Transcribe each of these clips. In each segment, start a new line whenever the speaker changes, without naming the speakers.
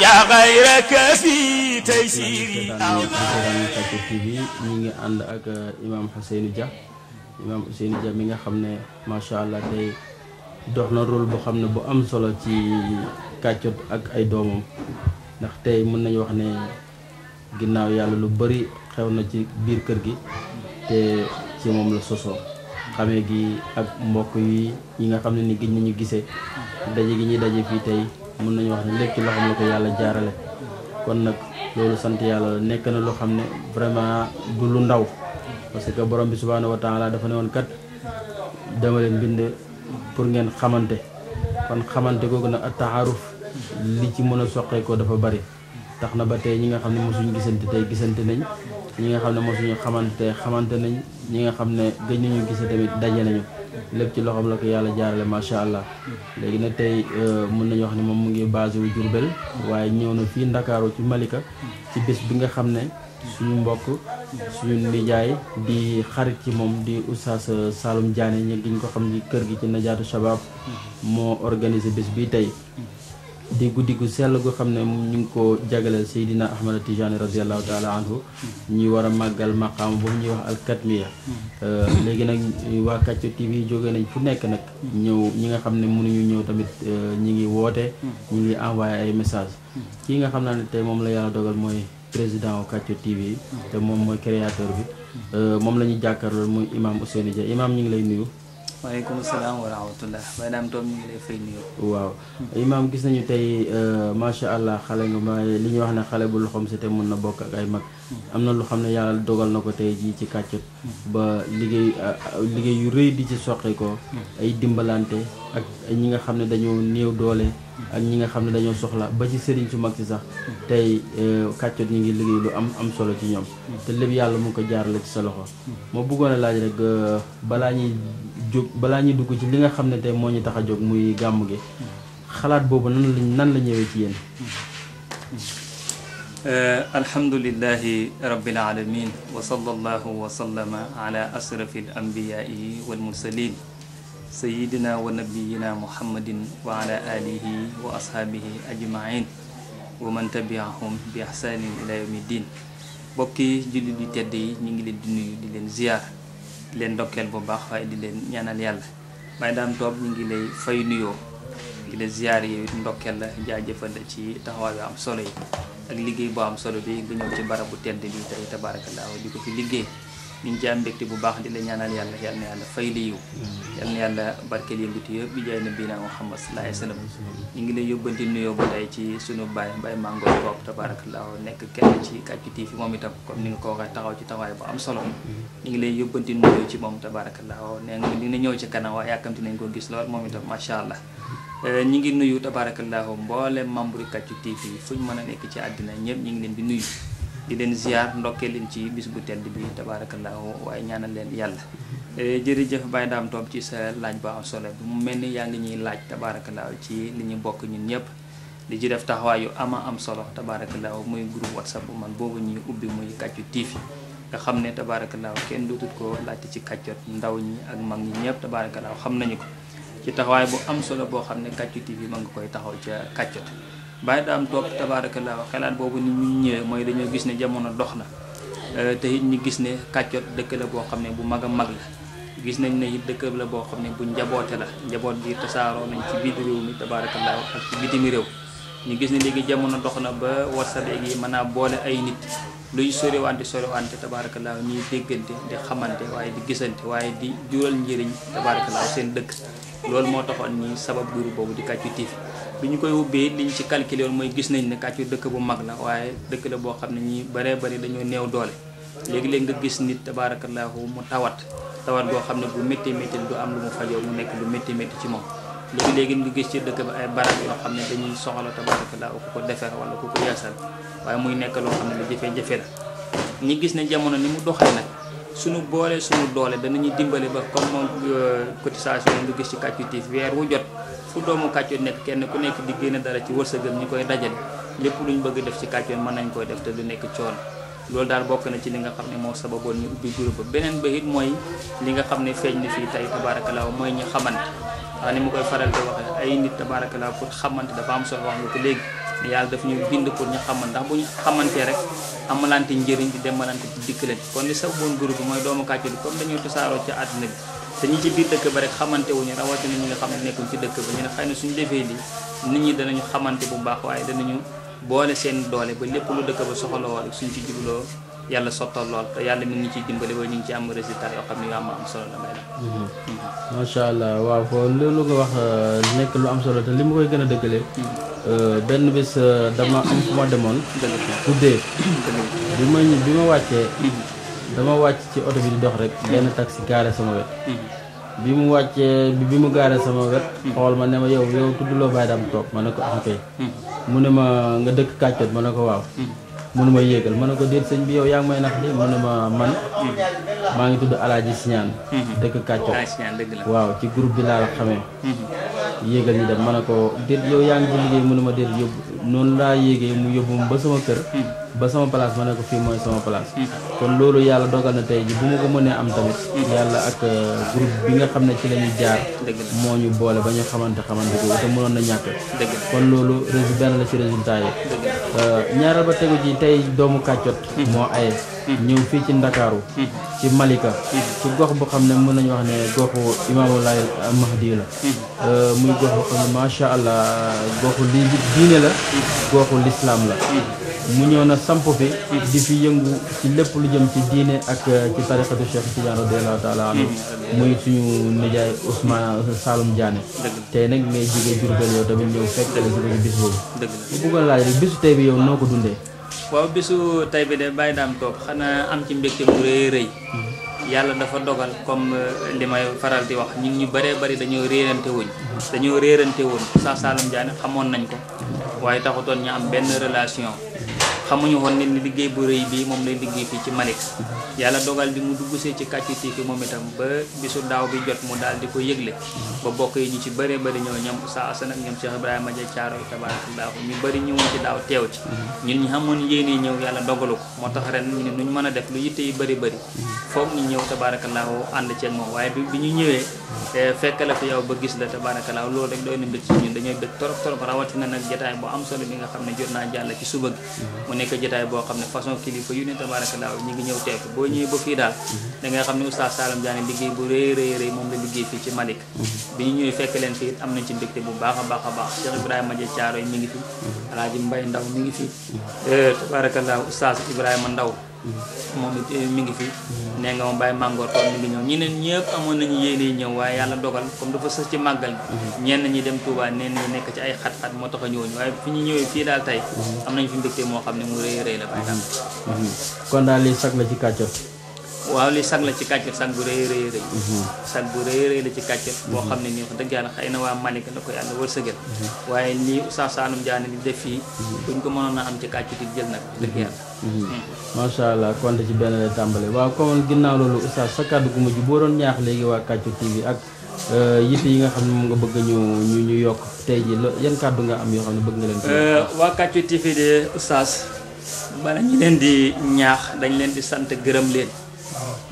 yaa xayraka fi taysiri aw
Tafsir TV ñu ngi ànd ak imaam Ousseynou Dia imaam Ousseynou Dia mi nga xam ne macha allah tey dox na rôle boo xam ne bu am solo ci kàccot ak ay doomam ndax tey mën nañu wax ne ginnaaw yàlla lu bari xew na ci biir kër gi te ci moom la sosoo xamee gi ak mbokk yi ñi nga xam ne ni gis nañu gisee daje gi ñuy daje fii tey mën nañu wax ne lépp ci loxoom la ko yàlla jaarale kon nag loolu sant yàlla la nekk na lu xam ne vraiment du lu ndaw parce que borom bi subhaanahu wa taala dafa ne woon kat dama leen bind pour ngeen xamante kon xamante googu nag ak taaruf li ci mën a soqee ko dafa bari tax na ba tey ñi nga xam ne mosuñu gisante tey gisante nañ ñi nga xam ne mosuñu xamante tey xamante nañ ñi nga xam ne gëj nañu gise tamit daje nañu lépp ci loxoom la ko yàlla jaarale macha allah léegi nag tey euh, mun nañu wax ne moom mu ngi basé wu Diourbel waaye ñëw na fii Ndakaaru ci Malika ci bés bi nga xam ne suñu mbokk suñu nijaay di xarit ci moom di oustaz Saloum Diané ñi giñ ko xam ni kër gi ci najaatu shabab moo organisé bés bi tey di guddi gu sell gu xam ne ñu ngi ko jagleel Seydina Ahmad Tijaani radiallahu taala anhu ñuy war a màggal maqaam boobu ñuy wax alkatmiya euh, léegi nag waa Kactu TV jóge nañ fu nekk nag ñëw ñi nga xam ne mënuñu ñëw tamit euh, ñi ngi woote ñi ngi envoyé ay message kii nga xam naa ne tey moom la yàlla dogal mooy président Kactu TV te moom mooy créateur bi euh, moom la ñu jàkkaarloo mooy imam Ousseynou Dia imam ñu ngi lay nuyu
waaleykum wa rahmatullah
imaam gis nañu tey euh, macha allah xale nga ma li ñuy wax ne xale bu loxoom si te mën na bokk ak ay mag hmm. am na lu xam ne yàlla dogal na ko tey jii ci kàccut hmm. ba liggéey liggéey yu rëy di ci soqi ko hmm. ay dimbalante ak ñi nga xam ne dañoo néew doole ak ñi nga xam ne dañoo soxla ba ci sëriñ su mag si sax tey euh, kàccut ñu ngi liggéey lu am am solo ci ñoom te lépp yàlla mu ko jaarale ci sa loxo moo bëggoon laaj rek euh, balaa ñuy jóg balaa ñuy dugg ci li nga xam ne tey moo ñu tax a jóg muy gàmm gi xalaat boobu nan lañ nan la ñëwee ci yéen
euh, alhamdulilahi rabbil alamin wa sallallahu wa sallama ala asrafi al anbiyaa'i wal mursalin sayidina wa nabiyina muhammadin wa ala alihi wa ashaabihi ajmain wa man tabiahum bi ihsanin ila yawmi din bokki julli di tedd yi ñu ngi leen di nuyu di leen ziyaar di leen ndokkeel bu baax waaye di leen ñaanal yàlla may daam toob ñu ngi lay fay nuyoo di la ziyaar yi ndokkeel la jaajëfal la ci taxawaay bu am solo yi ak liggéey boo am solo bi nga ñëw ci barabu tedd bi tey tabaarakallaahu di ko fi liggéey ñu ngi ci bu baax di la ñaanal yàlla yal na yàlla fay la yiw yal na yàlla barkeel yëpp bi jaay bii naa Muhammad sallallahu alayhi wasallam ñu ngi lay yóbbanti nuyoo ba tey ci sunu baay Mbaye Mango Top tabaarakallaahu nekk kenn ci Kathie TV moom itam comme ni nga ko waxee taxaw ci taxawaay bu am solo ñu ngi lay yóbbanti nuyoo ci moom tabaarakallaahu nee nga dina ñëw ci kanam waaye yàkkamti nañ ko gis lool moom itam macha allah eh, ñi ngi nuyu tabaarakallaahu mboolem membre Kathie TV fu ñu mën a nekk ci àddina ñëpp ñu ngi leen di nuyu di leen ziar ndokkee leen ci bis bu tedd bi tabaarakallaahu waaye ñaanal leen yàlla eh, jërëjëf Baye Dame Top ci sa laaj ba am solo bi mu mel ni yaa ngi ñuy laaj tabaarakallaahu ci li ñu bokk ñun ñëpp di ci def taxawaay yu ama am solo tabaarakallaahu muy groupe whatsapp bu man boobu ñuy ubbi muy Kàccu TV nga xam ne tabaarakallaahu kenn dutut ko laajte ci kàccot ndaw ñi ak mag ñi ñëpp tabaarakallaahu xam nañu ko ci taxawaay bu am solo boo xam ne Kàccu TV ma nga ca kàccot bàyyi daam toog tabaarakallaa xalaat boobu ni mu ñëwee mooy dañoo gis ne jamono dox na euh, te it ñu gis ne kàccoot dëkk la boo xam ne bu mag a mag la gis nañ ne it dëkk la boo xam ne bu njaboote la njaboot gi tasaaroo nañ ci biir réew mi tabaarakallaa ak ci bitimi réew ñu gis ne léegi jamono dox na ba wasa léegi mën naa boole ay nit luy soriwante soriwante tabaarakallaa ñuy déggante di xamante waaye di gisante waaye di jural njëriñ tabaarakallaa seen dëkk loolu moo taxoon ni sabab guru boobu di Kàccu TV bi ñu koy wubbee li ñu ci calculé woon mooy gis nañ ne Kàccur dëkk bu mag la waaye dëkk la boo xam ne ñi baree bari dañoo néew doole léegi-léegi nga gis nit tabaarakallaahu mu tawat tawat goo xam ne bu métti métti du am lu mu mu nekk lu métti métti ci moom léegi-léegi gis ci dëkk bi ay barab yoo xam ne dañuy soxla tabaarakallaahu ku ko defar wala ko ko yeesal waaye muy nekk loo xam ne lu jafe-jafe la ñi gis ne jamono ni mu doxee nag suñu boolee suñu doolee dana danañu dimbale ba comme moom euh, cotisation yi nga gis ci Kàccu Tif weer wu jot fu doomu kàccoon nekk kenn ku nekk di génne dara ci sa gën ñu koy dajale lépp lu ñu bëgg def ci kàccoon mën nañ koy def te lu nekk coono loolu daal bokk na ci li nga xam ne moo sababoon ñu ubbi groupe ba beneen ba it mooy li nga xam ne feeñ na fii tey tabaarakalaaw mooy ñi xamante waaw ni ma koy faral di waxee ay nit tabaarakalaaw pour xamante dafa am solo wax nga ko léegi yàlla daf ñuy bind pour ñu ndax bu ñu xamantee rek amalante njëriñ di demalante di dikkalante kon li sax boon groupe mooy doomu kàccoor kon dañoo tasaaroo ca àdduna bi te ñi ci biir dëkk ba rek xamantewuñu rawatina ñi nga xam ne nekkuñ ci dëkk ba ñu ne xëy suñu defee lii nit ñi danañu xamante bu baax waaye danañu boole seen doole ba lépp lu dëkk ba soxla woon suñ ci jubloo yàlla sottal lool te yàlla mi ngi ciy dimbali ba ñu ngi ci am résultat yoo xam ne yu am am solo la may
la. Mhm. macha allah waaw loolu nga wax euh, nekk lu am solo te li ma koy gën a dëggalee. Mhm. Euh, benn bis euh, dama am fu ma demoon. guddee bi ma bi ma wàccee. Mhm. dama wàcc ci oto dox rek. benn taxi gaare sama wet. bi mu wàccee bi mu gaaree sama wet. xool ma ne ma yow yow tuddloo Baye ma ne ko ah mu ne ma nga dëkk kàccoot ma ne ko waaw. mënu ma yéegal mën na ko déet sëñ bi yow yaa ngi may nax di mën na ma man maa ngi tudd Alaaji Siñaan mm-hmm. dëkk Kàcco waaw ci groupe bi laa la xamee mm-hmm. yéegal ñu dem ma ne ko déet yow yaa ngi ci liggéey mënuma déet yóbbu noonu laa yéegee mu yóbbu ba sama kër ba sama place ma ne ko fii mooy sama place kon loolu yàlla dogal na tey ji bu ma ko mënee am tamit yàlla ak euh, groupe bi nga xam ne ci la ñuy jaar moo ñu boole ba ñu xamante xamante ko te mënoon na ñàkk kon loolu benn la ci résultat yi euh, ñaareel ba tegu ji tey doomu kàccot moo aye ñëw fii ci Ndakaaru hmm. ci Malika hmm. ci gox boo xam ne mën nañu wax ne goxu Imaamu Laay Mahdi la hmm. euh, muy gox bu xam ne macha allah goxu li diine la goxu lislaam la mu ñëw na samp fi di fi yëngu ci lépp lu jëm ci diine ak euh, ci tariqatu Cheikh Tidiane radiyallahu taala anhu muy suñu nijaay Ousmane euh, Saloum Diané tey nag mais jigéen Jurbel yow tamit ñëw fekk la si bis boobu bu bëgg a laaj rek bisu tey bi yow noo ko dundee
waaw bisu tey bi de bàyyi daam toog xanaa am ci mbégte mu rëy rëy mm-hmm. yàlla dafa dogal comme eh, li may faral di wax ñun ñu bëree bëri dañoo réerante wuñ mm-hmm. dañoo réerante woon Cheikh Saloum Diané xamoon nañ ko mm-hmm. waaye taxutoon ñu am benn relation xamuñu woon ni liggéey bu rëy bii moom lay liggéey fii ci Malick yàlla dogal bi mu dugg see ci Kathie TV moom itam ba bisu daaw bi jot mu daal di ko yëgle ba bokk yi ñu ci bëree bëri ñoo ñoom Oustaz Assane ak ñoom Cheikh Ibrahima Dia Thiaro tabarakallahu ñu bëri ñëwoon ci daaw teew ci ñun ñu xamoon yéenee ñëw yàlla dogalu ko moo tax ren nu ñu mën a def lu yitte yi bëri bëri foog ñu ñëw tabarakallahu ànd ceeg moom waaye bi bi ñu ñëwee eh, fekk la yow ba gis la tabarakallahu loolu rek doy na mbég ci ñun dañooy bég torop torop rawatina nag jotaay bu am solo bi nga xam ne jot naa jàll ci suba gi nekk jotaay boo xam ne façon kilifa yu ne tabaarakallaa ñi ngi ñëw teew boo ñëwee ba fii daal da ngay xam ne oustaz Saloum Diané liggéey bu rëy rëy rëy moom la liggéey fii ci Malick mm-hmm. bi ñu ñëwee fekk leen fii am nañ ci mbégte bu baax a baax a baax Cheikh Ibrahima Dia Thiaroye mi ngi fi mm-hmm. alaaji Mbay Ndaw mi ngi fi mm-hmm. eh, tabaarakallaa oustaz Ibrahima Ndaw moom it eh, mi ngi fi. nee nga ma bàyyi màngoor kon ngi ñëw ñi ne ñëpp amoon nañu yéene ñëw waaye yàlla dogal comme dafa sës ci màggal gi. Mm-hmm. ñenn ñi dem Touba neen ñi nekk ci ay xat-xat moo tax a ñëwuñu waaye fi ñu ñëwee fii daal tey. Mm-hmm. am nañu fi mbégte moo xam ne mu rëy rëy la. Mm-hmm.
kon daal lii sag la ci kàccoor.
waaw li sag la ci kàcceel sag bu rëy rëy rëy mhm. sag bu rëy rëy la ci kàcceel boo xam ne nii wax dëgg yàlla na waa Malika na ko yàlla wërsëgal mhm. waaye lii Oustaz Saloum Diané di def fii mhm. buñ ko mënoon a am ci kàcce di jël nag
dëgg yàlla macha allah konte ci benn lay tàmbale waaw kon ginnaaw loolu Oustaz sa kàddu gu mujj boo doon ñaax léegi waa Kàccu TV ak euh, yitte yi nga xam ne mun nga bëgg ñu ñu ñu yokk tey ji yan kàddu nga am yoo xam ne bëgg nga leen euh,
waa Kàccu TV de Oustaz bala ñu leen di ñaax dañ leen di sant gërëm leen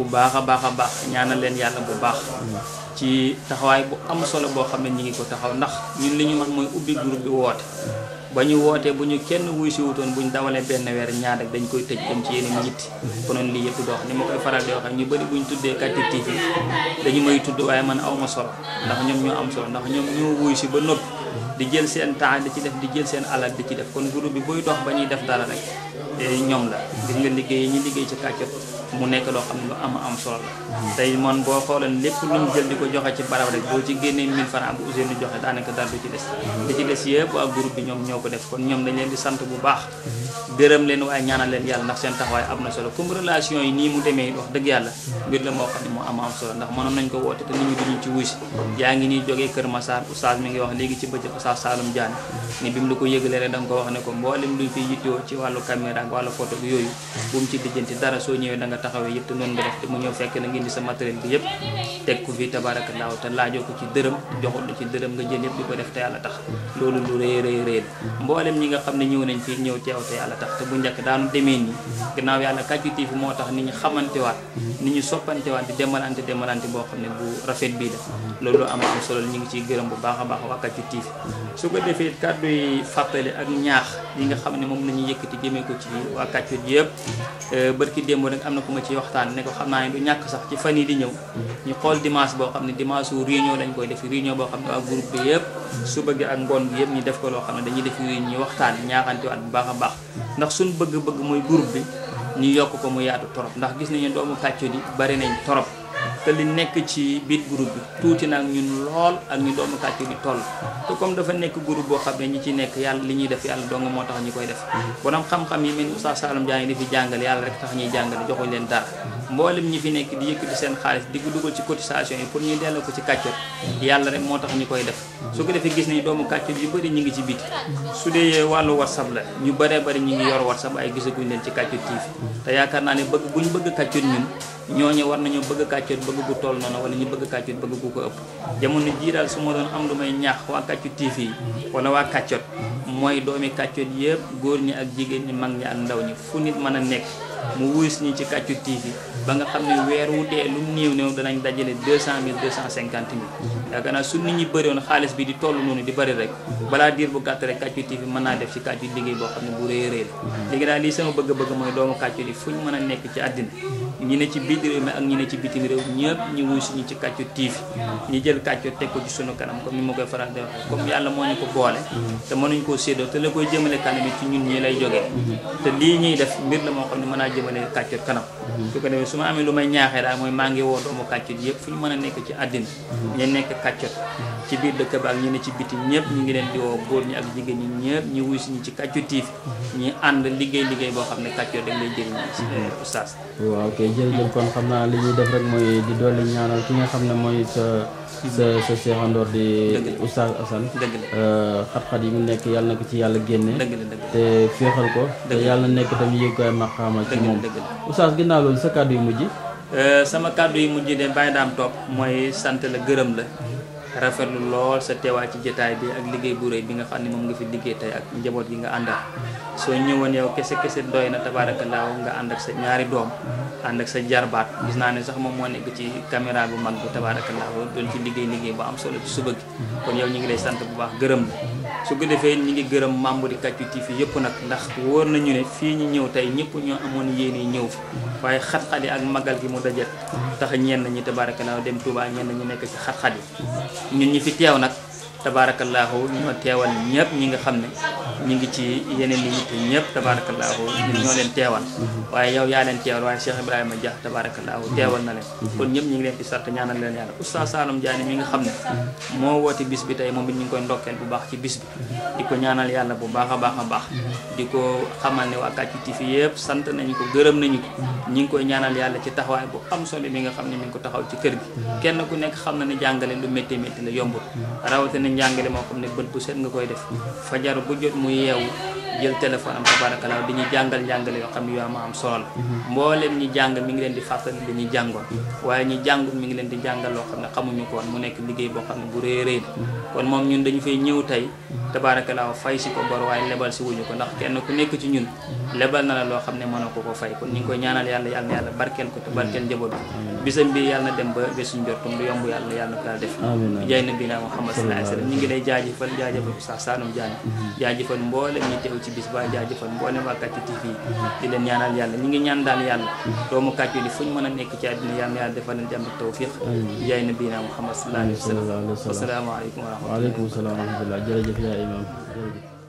bu baax a baax a baax ñaanal leen yàlla bu baax mm-hmm. ci taxawaay bu am solo boo xam ne ñi ngi ko taxaw ndax ñun li ñu mën mooy ubbi groupe bi woote mm-hmm. ba ñu wootee bu ñu kenn wuy si wutoon bu ñu dawalee benn weer ñaar dañ koy tëj dem ci yeneen ñitti mm-hmm. konoon lii yëpp dox ni ma koy faral di waxee ñu bëri bu ñu tuddee Kacir TV dañu may tudd waaye man awma solo ndax ñoom ñoo am solo ndax ñoom ñoo wuy si ba noppi di jël seen temps di ci def di jël seen alal di ci def kon groupe bi buy dox ba ñuy def dara rek eh, ñoom mu nekk loo xam ne lu am am solo la tey man boo xooleen lépp lu ñu jël di ko joxe ci barab rek boo ci génnee 1000 francs bu Ousseynou joxe daanaka dara du ci des mhm. li ci des yëpp waa groupe bi ñoom ñoo ko def kon ñoom dañ leen di sant bu baax gërëm leen waaye ñaanal yàlla ndax seen taxawaay am na solo comme relation yi nii mu demee wax dëgg yàlla mhm. mbir la moo xam ne moo am am solo ndax mënoon nañ ko woote te nit ñi duñu ci wuusi mhm. yaa ngi ñuy jógee Kër Massar ko yëgalee rek da nga ko wax bu taxawé yépp te noonu nga def te mu ñëw fekk na ngeen di sa matériel bi yépp teg ko fi tabarakallahu te laajoo ko ci dërëm joxul ci dërëm nga jël yépp di ko def te yàlla tax loolu lu rëy rëy rëy mboolem ñi nga xam ne ñëw nañ fii ñëw teew te yàlla tax te bu njëkk daanu demee nii gannaaw yàlla kàccu tiifi moo tax nit ñi xamantewaat nit ñi soppantewaat di demalante demalante boo xam bu rafet bii def loolu am am solo ñu ngi ciy gërëm bu baax a baax waa kàccu tiifi su ko defee kàddu yi fàttali ak ñaax yi nga xam ne moom la ñuy ko ci waa kàccu yépp Euh, ki démb nag am na ku ma ciy waxtaan ne ko xam naa ne du ñàkk sax ci fan yi di ñëw mhm. ñu xool dimanche boo xam ne dimanche wu réunion lañ koy def réunion boo xam ne waa groupe bi yëpp mhm. su gi ak ngoon bi yëpp ñu def ko loo xam ne dañuy def réunion waxtaan ñaaxantiwaat bu baax a baax ndax suñ bëgg-bëgg muy groupe bi ñu yokk ko mu yaatu torop ndax gis nañu doomu kàcco di bari nañ torop te li nekk ci biir groupe bi tuuti na ak ñun lool ak ñu doomu tàcc di toll te comme dafa nekk groupe boo xam ne ñi ci nekk yàlla li ñuy def yàlla dong moo tax ñu koy def mm-hmm. borom xam-xam yi mel ni Oustaz Saloum Diagne di fi jàngale yàlla rek tax ñuy jàngale joxuñ leen dara mm-hmm. mboolem ñi fi nekk di yëkkati seen xaalis di dugal ci cotisation yi pour ñuy delloo ko ci kàccoor yàlla rek moo tax ñu koy def su ko defee gis nañu doomu kàccoor yu bëri ñu ngi ci biti su dee wàllu whatsapp la ñu bëree bëri ñu ngi yor whatsapp ay gisaguñ leen ci kàccoor TV te yaakaar naa ne bëgg bu ñu bëgg kàccoor ñun ñooñu war nañoo bëgg kàccoor bëgg gu toll noonu wala ñu bëgg kàccoor bëgg gu ko ëpp jamono jii daal su ma doon am lu may ñaax waa kàccoor TV yi wala waa kàccoor mooy doomi kàccoor yëpp góor ñi ak jigéen ñi mag ñi ak ndaw ñi fu nit mën a nekk mu wuyus ñi ci kàccoor TV ba nga xam ne weer wu dee lu néew néew danañ dajale deux cent mille deux cent cinquante mille mhm. yaakaar naa su nit ñi bëri xaalis bi di toll noonu di bëri rek mhm. balaa diir bu gàtt rek Kàccur TV mën naa def ci Kàccur liggéey boo xam ne bu réy réy la mhm. lii sama bëgg-bëgg mooy doomu Kàccur yi fu ñu mën a nekk ci àddina ñi ne ci biir réew mi ak ñi ne ci bitim réew ñëpp ñu wuy suñu ci Kàccur TV ñu jël Kàccur teg ko ci sunu kanam comme ni ma koy faral dem wax comme yàlla moo ñu ko boole te mënuñ koo séddoo te la koy jëmale kanam yi ci lii ñuy def mbir la moo xam ne mën naa kanam su ko defee ma amee lu may ñaaxee daal mooy maa ngi woo doomu kàccut yëpp fu ñu mën a nekk ci àddina mhm. ñu nekk kàccut ci biir dëkk ba ñu ne ci biti ñëpp ñu ngi leen di woo góor ñi ak jigéen ñi ñëpp ñu wuy suñu ci kàccu tiif mhm. ñi ànd liggéey liggéey boo xam ne kàccut rek lay jëriñ ci mhm. eh, oustaz
waaw kay jërëjëf kon xam naa li ñuy def rek mooy di dolli ñaanal ki nga xam ne mooy sa sa seexandoor di Oustaz Assane euh, xat-xat yi mu nekk yàlla na ko ci yàlla génne te féexal ko te yàlla na nekk tam yéegukaay maqaama ci moom Oustaz ginnaaw loolu sa kàddu yu mujj
euh, sama kàddu yu mujj de bàyyi daam topp mooy sant la gërëm la rafetlu lool sa teewaat ci jataay bi ak liggéey bu rëy bi nga xam ne moom nga fi liggéey tey ak njaboot gi nga àndal soo ñëwoon yow kese kese doy na tabaarakallaahu nga ànd ak sa ñaari doom ànd ak sa jarbaat gis naa ne sax moom moo nekk ci caméra bu mag bi tabaarakallaahu doon ci liggéey liggéey bu am solo ci suba gi kon yow ñu ngi lay sant bu baax gërëm la su ko defee ñi ngi gërëm membre yi Kathie TV yëpp nag ndax wóor nañu ne fii ñu ñëw tey ñëpp ñoo amoon yéene ñëw fi waaye xat-xat yi ak magal gi mu dajal tax ñenn ñi tabaarakallaahu dem Touba ñenn ñu nekk ci xat-xat yi ñun ñi fi teew nag tabaarakallaahu ñoo teewal ñëpp ñi nga xam ne ñi ngi ci yeneen nit ñi ñëpp tabarakallahu ñun ñoo leen mhm. teewal waaye yow yaa leen teewal waaye cheikh ibrahima dia tabarakallahu mhm. teewal na leen mhm. kon ñëpp ñi ngi leen ci sart ñaanal leen yàlla oustaz salum diagne mi nga xam mo moo woote bis bi tey moom it ngi koy ndokkeel bu baax ci bis bi di ko ñaanal yàlla bu baax a baax a di ko xamal ne waa kàcc tifi yëpp sant nañu ko gërëm nañu ko ñi ngi koy e ñaanal yàlla ci taxawaay bu am solo mi nga xam ne mi ngi ko taxaw ci kër gi kenn ku nekk xam na ne lu métti métti la yombul rawatina njàngale moo xam ne bët bu set nga koy def fajar bu jot mu yeewu jël téléphone am tabaarakalaaw di ñu jàngal jàngale yoo xam ne yoo ma am solo la mboolem ñi jàng mi ngi leen di fàttali li ñu jàngoon waaye ñi jàngul mi ngi leen di jàngaloo xam ne xamuñu ko mu nekk liggéey boo xam ne bu rëy rëy kon moom ñun dañu fay ñëw tey tabaarakalaaw fay si ko bor waaye lebal si wuñu ko ndax kenn ku nekk ci ñun lebal na la loo xam ne mënoo ko ko fay kon ñu ngi koy ñaanal yàlla yàlla na yàlla barkeel ko te barkeel njaboot bi bisam bi yàlla na dem bi naa Muhammad sallallahu alayhi wasallam ñu ngi lay jaajëfal jaajëfal sax saanum jaan jaajëfal mboolem mm-hmm. di leen ñaanal yàlla ñu ngi ñaan daal yàlla mm-hmm. doomu Kaccu di fuñ mën a nekk ci àddina yàlla na yàlla defal leen jàmm ak tawfiq jaay na bi naa Muhammad sallallahu alayhi wasallam wasalaamaaleykum
وعليكم السلام ورحمة الله درجة فيها إمام